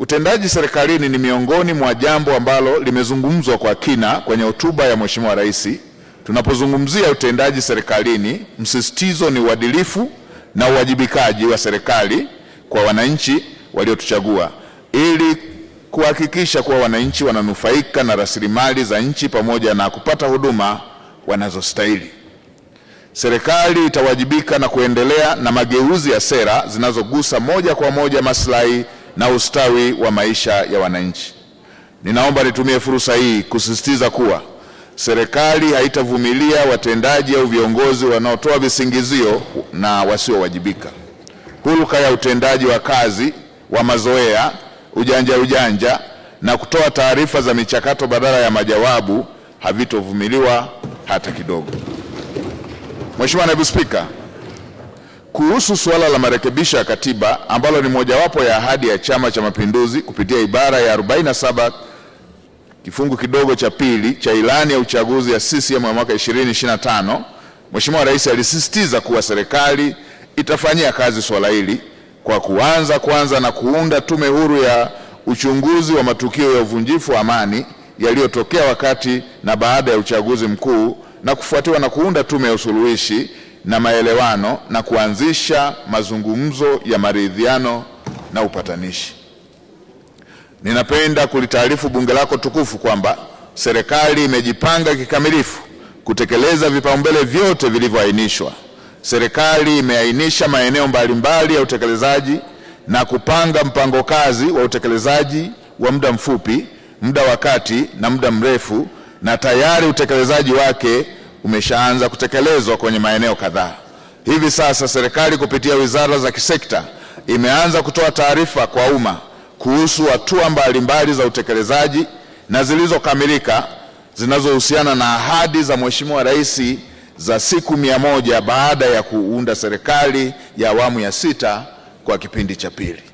Utendaji serikalini ni miongoni mwa jambo ambalo limezungumzwa kwa kina kwenye hotuba ya Mheshimiwa Rais. Tunapozungumzia utendaji serikalini, msisitizo ni uadilifu na uwajibikaji wa serikali kwa wananchi waliotuchagua ili kuhakikisha kuwa wananchi wananufaika na rasilimali za nchi pamoja na kupata huduma wanazostahili. Serikali itawajibika na kuendelea na mageuzi ya sera zinazogusa moja kwa moja maslahi na ustawi wa maisha ya wananchi. Ninaomba nitumie fursa hii kusisitiza kuwa serikali haitavumilia watendaji au viongozi wanaotoa visingizio na wasiowajibika. Hulka ya utendaji wa kazi wa mazoea, ujanja ujanja na kutoa taarifa za michakato badala ya majawabu havitovumiliwa hata kidogo. Mheshimiwa Naibu Spika, kuhusu suala la marekebisho ya katiba ambalo ni mojawapo ya ahadi ya Chama cha Mapinduzi kupitia ibara ya 47 kifungu kidogo cha pili cha ilani ya uchaguzi ya CCM ya mwaka 2025, Mheshimiwa Rais alisisitiza kuwa serikali itafanyia kazi suala hili kwa kuanza kwanza na kuunda tume huru ya uchunguzi wa matukio ya uvunjifu wa amani yaliyotokea wakati na baada ya uchaguzi mkuu na kufuatiwa na kuunda tume ya usuluhishi na maelewano na kuanzisha mazungumzo ya maridhiano na upatanishi. Ninapenda kulitaarifu bunge lako tukufu kwamba serikali imejipanga kikamilifu kutekeleza vipaumbele vyote vilivyoainishwa. Serikali imeainisha maeneo mbalimbali ya utekelezaji na kupanga mpango kazi wa utekelezaji wa muda mfupi, muda wa kati na muda mrefu, na tayari utekelezaji wake umeshaanza kutekelezwa kwenye maeneo kadhaa. Hivi sasa serikali kupitia wizara za kisekta imeanza kutoa taarifa kwa umma kuhusu hatua mbalimbali za utekelezaji na zilizokamilika zinazohusiana na ahadi za Mheshimiwa Rais za siku mia moja baada ya kuunda serikali ya awamu ya sita kwa kipindi cha pili.